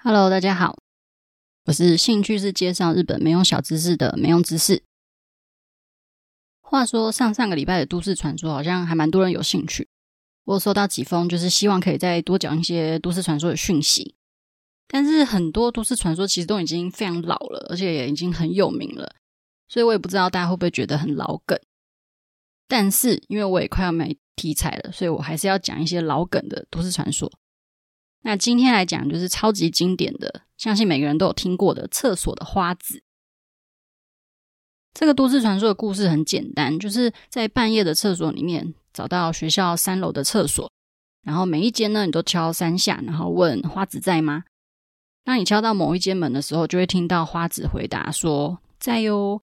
Hello，大家好，我是興趣是介紹日本沒用小知識的沒用知識。話說上上個禮拜的都市傳說好像還蠻多人有興趣，我收到幾封就是希望可以再多講一些都市傳說的訊息。但是很多都市傳說其實都已經非常老了，而且也已經很有名了，所以我也不知道大家會不會覺得很老梗。但是因為我也快要沒題材了，所以我還是要講一些老梗的都市傳說。那今天來講，就是超級經典的，相信每個人都有聽過的《廁所的花子》。這個都市傳說的故事很簡單，就是在半夜的廁所裡面，找到學校三樓的廁所，然後每一間呢，你都敲三下，然後問花子在嗎？當你敲到某一間門的時候，就會聽到花子回答說“在喲”。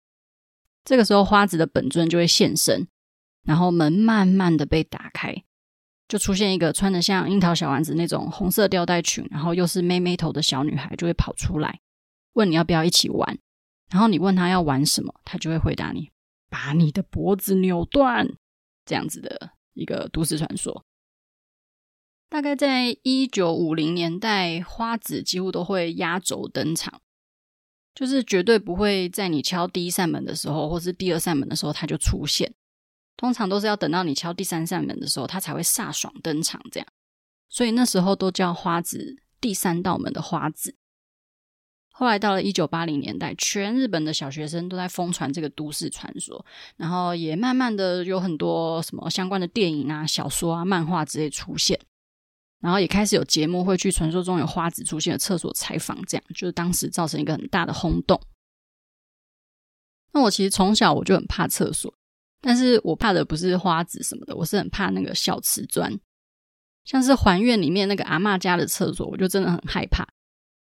這個時候，花子的本尊就會現身，然後門慢慢的被打開。就出現一個穿的像櫻桃小丸子那種紅色吊帶裙，然後又是妹妹頭的小女孩，就會跑出來問你要不要一起玩。然後你問她要玩什麼，她就會回答你，把你的脖子扭斷。這樣子的一個都市傳說。大概在一九五零年代，花子幾乎都會壓軸登場，就是絕對不會在你敲第一扇門的時候，或是第二扇門的時候，他就出現。通常都是要等到你敲第三扇門的時候，他才會颯爽登場這樣，所以那時候都叫花子第三道門的花子。後來到了一九八零年代，全日本的小學生都在瘋傳這個都市傳說，然後也慢慢的有很多什麼相關的電影啊、小說啊、漫畫之類出現，然後也開始有節目會去傳說中有花子出現的廁所採訪，這樣就是當時造成一個很大的轟動。那我其實從小我就很怕廁所。但是我怕的不是花子什麼的，我是很怕那個小瓷磚，像是《還願》裡面那個阿嬤家的廁所，我就真的很害怕。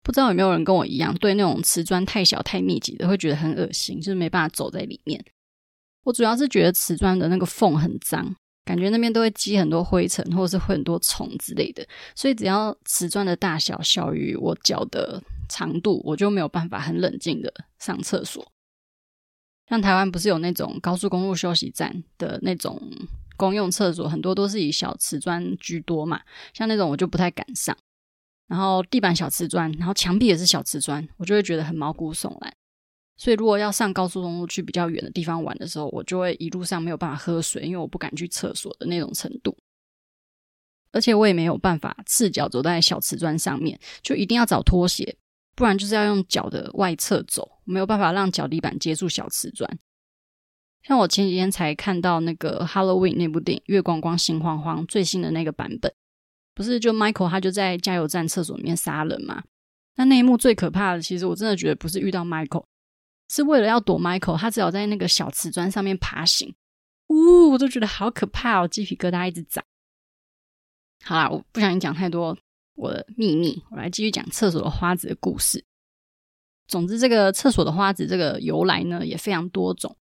不知道有沒有人跟我一樣，對那種瓷磚太小、太密集的會覺得很惡心，就是沒辦法走在裡面。我主要是覺得瓷磚的那個縫很髒，感覺那邊都會積很多灰塵，或者是會很多蟲之類的。所以只要瓷磚的大小小於我腳的長度，我就沒有辦法很冷靜的上廁所。像台灣不是有那種高速公路休息站的那種公用廁所，很多都是以小瓷磚居多嘛。像那種我就不太敢上，然後地板小瓷磚，然後牆壁也是小瓷磚，我就會覺得很毛骨悚然。所以如果要上高速公路去比較遠的地方玩的時候，我就會一路上沒有辦法喝水，因為我不敢去廁所的那種程度。而且我也沒有辦法赤腳走在小瓷磚上面，就一定要找拖鞋，不然就是要用腳的外側走。我沒有辦法讓腳底板接觸小瓷磚。像我前幾天才看到那個 Halloween 那部電影《月光光心慌慌》最新的那個版本，不是就 Michael 他就在加油站廁所裡面殺人嗎？那那一幕最可怕的，其實我真的覺得不是遇到 Michael，是為了要躲 Michael，他只好在那個小瓷磚上面爬行。嗚、哦，我都覺得好可怕哦，雞皮疙瘩一直長。好啦，我不想講太多我的秘密，我來繼續講廁所的花子的故事。總之，這個廁所的花子這個由來呢，也非常多種，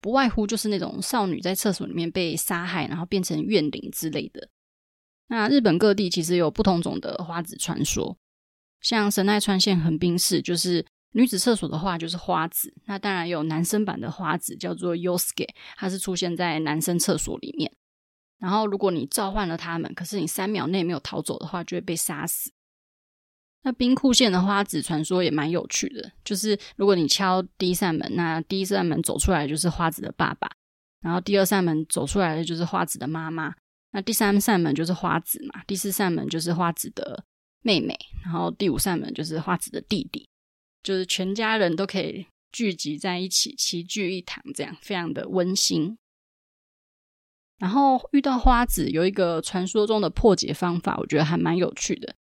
不外乎就是那種少女在廁所裡面被殺害，然後變成怨靈之類的。那日本各地其實有不同種的花子傳說，像神奈川縣橫濱市就是女子廁所的話就是花子，那當然有男生版的花子叫做 Yosuke，它是出現在男生廁所裡面。然後如果你召喚了他們，可是你三秒內沒有逃走的話，就會被殺死。那兵庫縣的花子傳說也蠻有趣的，就是如果你敲第一扇門，那第一扇門走出來就是花子的爸爸，然後第二扇門走出來的就是花子的媽媽，那第三扇門就是花子嘛，第四扇門就是花子的妹妹，然後第五扇門就是花子的弟弟，就是全家人都可以聚集在一起，齊聚一堂，這樣非常的溫馨。然後遇到花子有一個傳說中的破解方法，我覺得還蠻有趣的。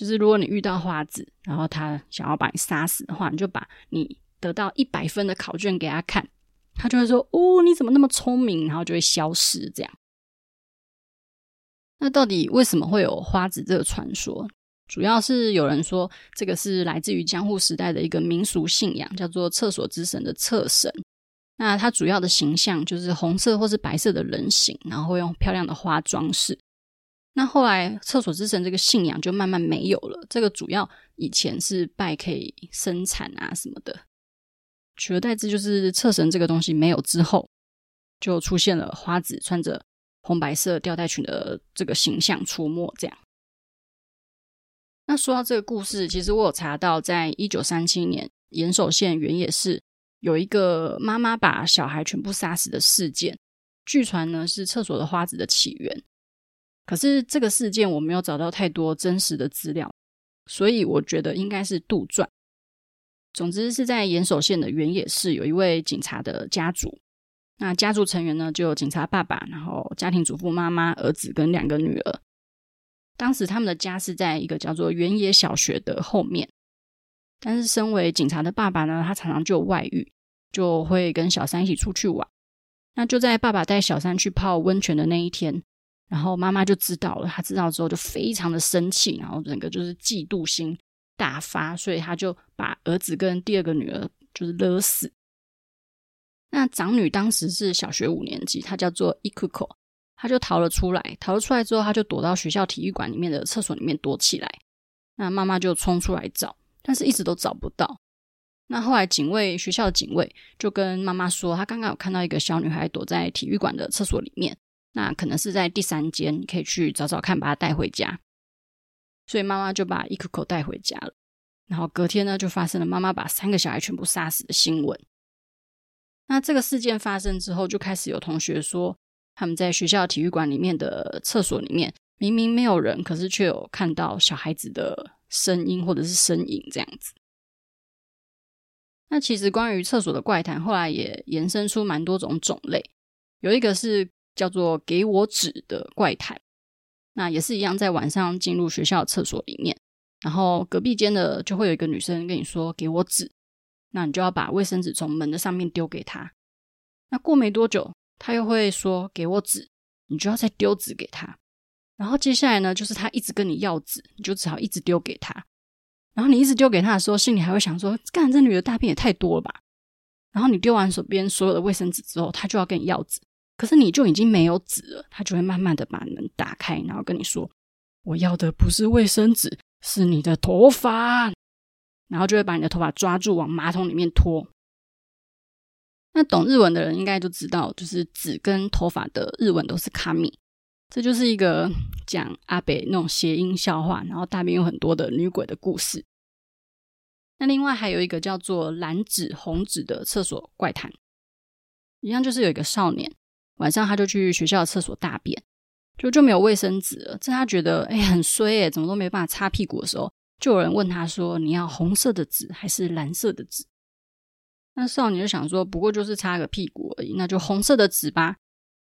就是如果你遇到花子，然後他想要把你殺死的話，你就把你得到一百分的考卷給他看，他就會說哦，你怎麼那麼聰明，然後就會消失。這樣。那到底為什麼會有花子這個傳說？主要是有人說這個是來自於江戶時代的一個民俗信仰，叫做廁所之神的廁神。那它主要的形象就是紅色或是白色的人形，然後用漂亮的花裝飾。那後來，廁所之神這個信仰就慢慢沒有了。這個主要以前是拜可以生產啊什麼的，取而代之就是廁神這個東西沒有之後，就出現了花子穿着紅白色吊帶裙的這個形象出沒。這樣，那說到這個故事，其實我有查到，在一九三七年岩手縣原野市有一個媽媽把小孩全部殺死的事件，據傳呢是廁所的花子的起源。可是這個事件我沒有找到太多真實的資料，所以我覺得應該是杜撰。總之是在岩手縣的原野市，有一位警察的家族。那家族成員呢，就有警察爸爸，然後家庭主婦媽媽，兒子跟兩個女兒。當時他們的家是在一個叫做原野小學的後面。但是身為警察的爸爸呢，他常常就有外遇，就會跟小三一起出去玩。那就在爸爸帶小三去泡溫泉的那一天。然後媽媽就知道了，她知道之後就非常的生氣，然後整個就是嫉妒心大發，所以她就把兒子跟第二個女兒就是勒死。那長女當時是小學五年級，她叫做伊庫口，她就逃了出來。逃了出來之後，她就躲到學校體育館裡面的廁所裡面躲起來。那媽媽就衝出來找，但是一直都找不到。那後來警衛，學校的警衛就跟媽媽說，她剛剛有看到一個小女孩躲在體育館的廁所裡面。那可能是在第三間，你可以去找找看，把它帶回家。所以媽媽就把一口口帶回家了。然後隔天呢，就發生了媽媽把三個小孩全部殺死的新聞。那這個事件發生之後，就開始有同學說，他們在學校體育館裡面的厠所裡面，明明沒有人，可是卻有看到小孩子的聲音或者是身影這樣子。那其實關於厠所的怪談，後來也延伸出蠻多種種類，有一個是。叫做“給我紙”的怪談，那也是一樣，在晚上進入學校的廁所裡面，然後隔壁間的就會有一個女生跟你說“給我紙”，那你就要把衛生紙從門的上面丟給她。那過沒多久，她又會說“給我紙”，你就要再丟紙給她。然後接下來呢，就是她一直跟你要紙，你就只好一直丟給她。然後你一直丟給她的時候，心裡還會想說：“幹，這女的大便也太多了吧？”然後你丟完手邊所有的衛生紙之後，她就要跟你要紙。可是你就已經沒有紙了，他就會慢慢的把門打開，然後跟你說：“我要的不是衛生紙，是你的頭髮。”然後就會把你的頭髮抓住往馬桶裡面拖。那懂日文的人應該都知道，就是紙跟頭髮的日文都是卡米，這就是一個講阿北那種諧音笑話，然後大便有很多的女鬼的故事。那另外還有一個叫做藍紙紅紙的廁所怪談，一樣就是有一個少年。晚上他就去學校的廁所大便，就就沒有衛生紙了。在他覺得，哎，很衰欸，怎麼都沒辦法擦屁股的時候，就有人問他說：“你要紅色的紙還是藍色的紙？”那少年就想說：“不過就是擦個屁股而已，那就紅色的紙吧。”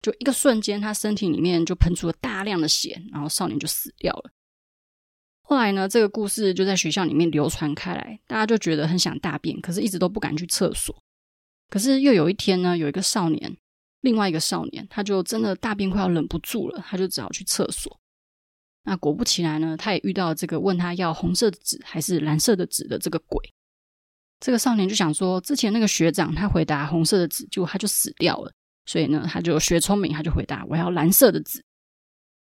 就一個瞬間，他身體裡面就噴出了大量的血，然後少年就死掉了。後來呢，這個故事就在學校裡面流傳開來，大家就覺得很想大便，可是一直都不敢去廁所。可是又有一天呢，有一個少年，另外一個少年，他就真的大便快要忍不住了，他就只好去廁所。那果不其然呢，他也遇到這個問他要紅色的紙還是藍色的紙的這個鬼。這個少年就想說，之前那個學長他回答紅色的紙，結果他就死掉了。所以呢，他就學聰明，他就回答我要藍色的紙。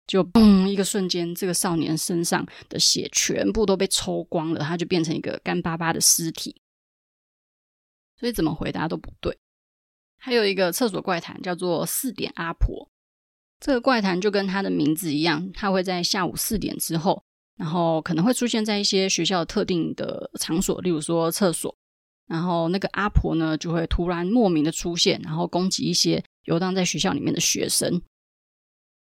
就嘣，一個瞬間，這個少年身上的血全部都被抽光了，他就變成一個乾巴巴的屍體。所以怎麼回答都不對。還有一個廁所怪談叫做四點阿婆，這個怪談就跟它的名字一樣，它會在下午四點之後，然後可能會出現在一些學校特定的場所，例如說廁所，然後那個阿婆呢就會突然莫名的出現，然後攻擊一些遊蕩在學校裡面的學生。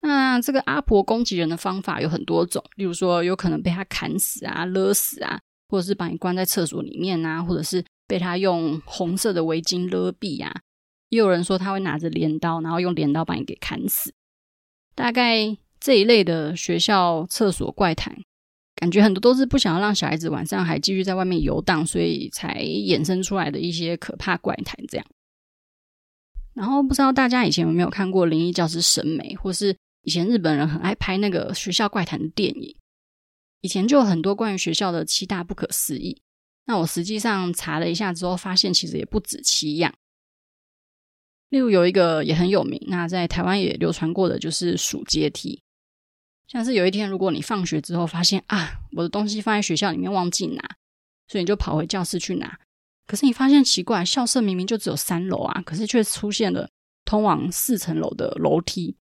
那這個阿婆攻擊人的方法有很多種，例如說有可能被她砍死啊、勒死啊，或者是把你關在廁所裡面啊，或者是被她用紅色的圍巾勒斃呀、啊。也有人說他會拿着鐮刀，然後用鐮刀把你給砍死。大概這一類的學校廁所怪談，感覺很多都是不想要讓小孩子晚上還繼續在外面遊蕩，所以才衍生出來的一些可怕怪談這樣。然後不知道大家以前有沒有看過《靈異教師神眉》，或是以前日本人很愛拍那個學校怪談的電影。以前就有很多關於學校的七大不可思議。那我實際上查了一下之後，發現其實也不止七樣。例如有一個也很有名，那在台灣也流傳過的，就是數階梯。像是有一天，如果你放學之後發現啊，我的東西放在學校裡面忘記拿，所以你就跑回教室去拿。可是你發現奇怪，校舍明明就只有三樓啊，可是卻出現了通往四層樓的樓梯。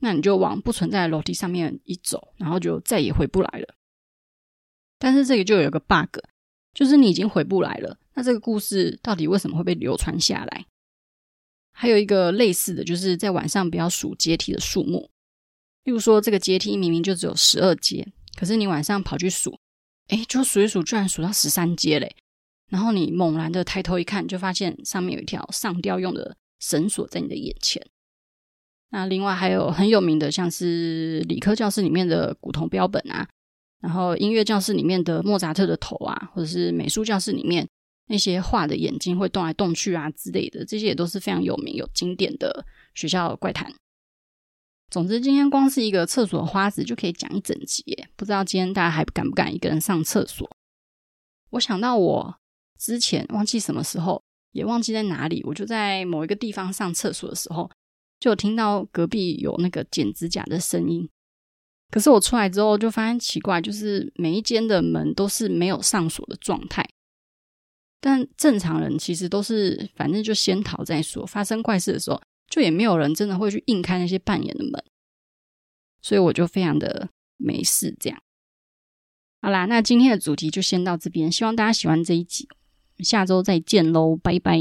那你就往不存在的樓梯上面一走，然後就再也回不來了。但是這個就有個 bug，就是你已經回不來了。那這個故事到底為什麼會被流傳下來？還有一個類似的，就是在晚上不要數階梯的數目，例如說這個階梯明明就只有十二階，可是你晚上跑去數，誒，就數一數居然數到十三階嘞。然後你猛然的抬頭一看，就發現上面有一條上吊用的繩索在你的眼前。那另外還有很有名的，像是理科教室裡面的古銅標本啊，然後音樂教室裡面的莫扎特的頭啊，或者是美術教室裡面。那些畫的眼睛會動來動去啊之類的，這些也都是非常有名、有經典的學校的怪談。總之，今天光是一個廁所的花子就可以講一整集耶。不知道今天大家還敢不敢一個人上廁所？我想到我之前忘記什麼時候，也忘記在哪裡，我就在某一個地方上廁所的時候，就聽到隔壁有那個剪指甲的聲音。可是我出來之後就發現奇怪，就是每一間的門都是沒有上鎖的狀態。但正常人其實都是，反正就先逃再說。發生怪事的時候，就也沒有人真的會去硬開那些半掩的門。所以我就非常的沒事這樣。好啦，那今天的主題就先到這邊，希望大家喜歡這一集。下週再見嘍，拜拜。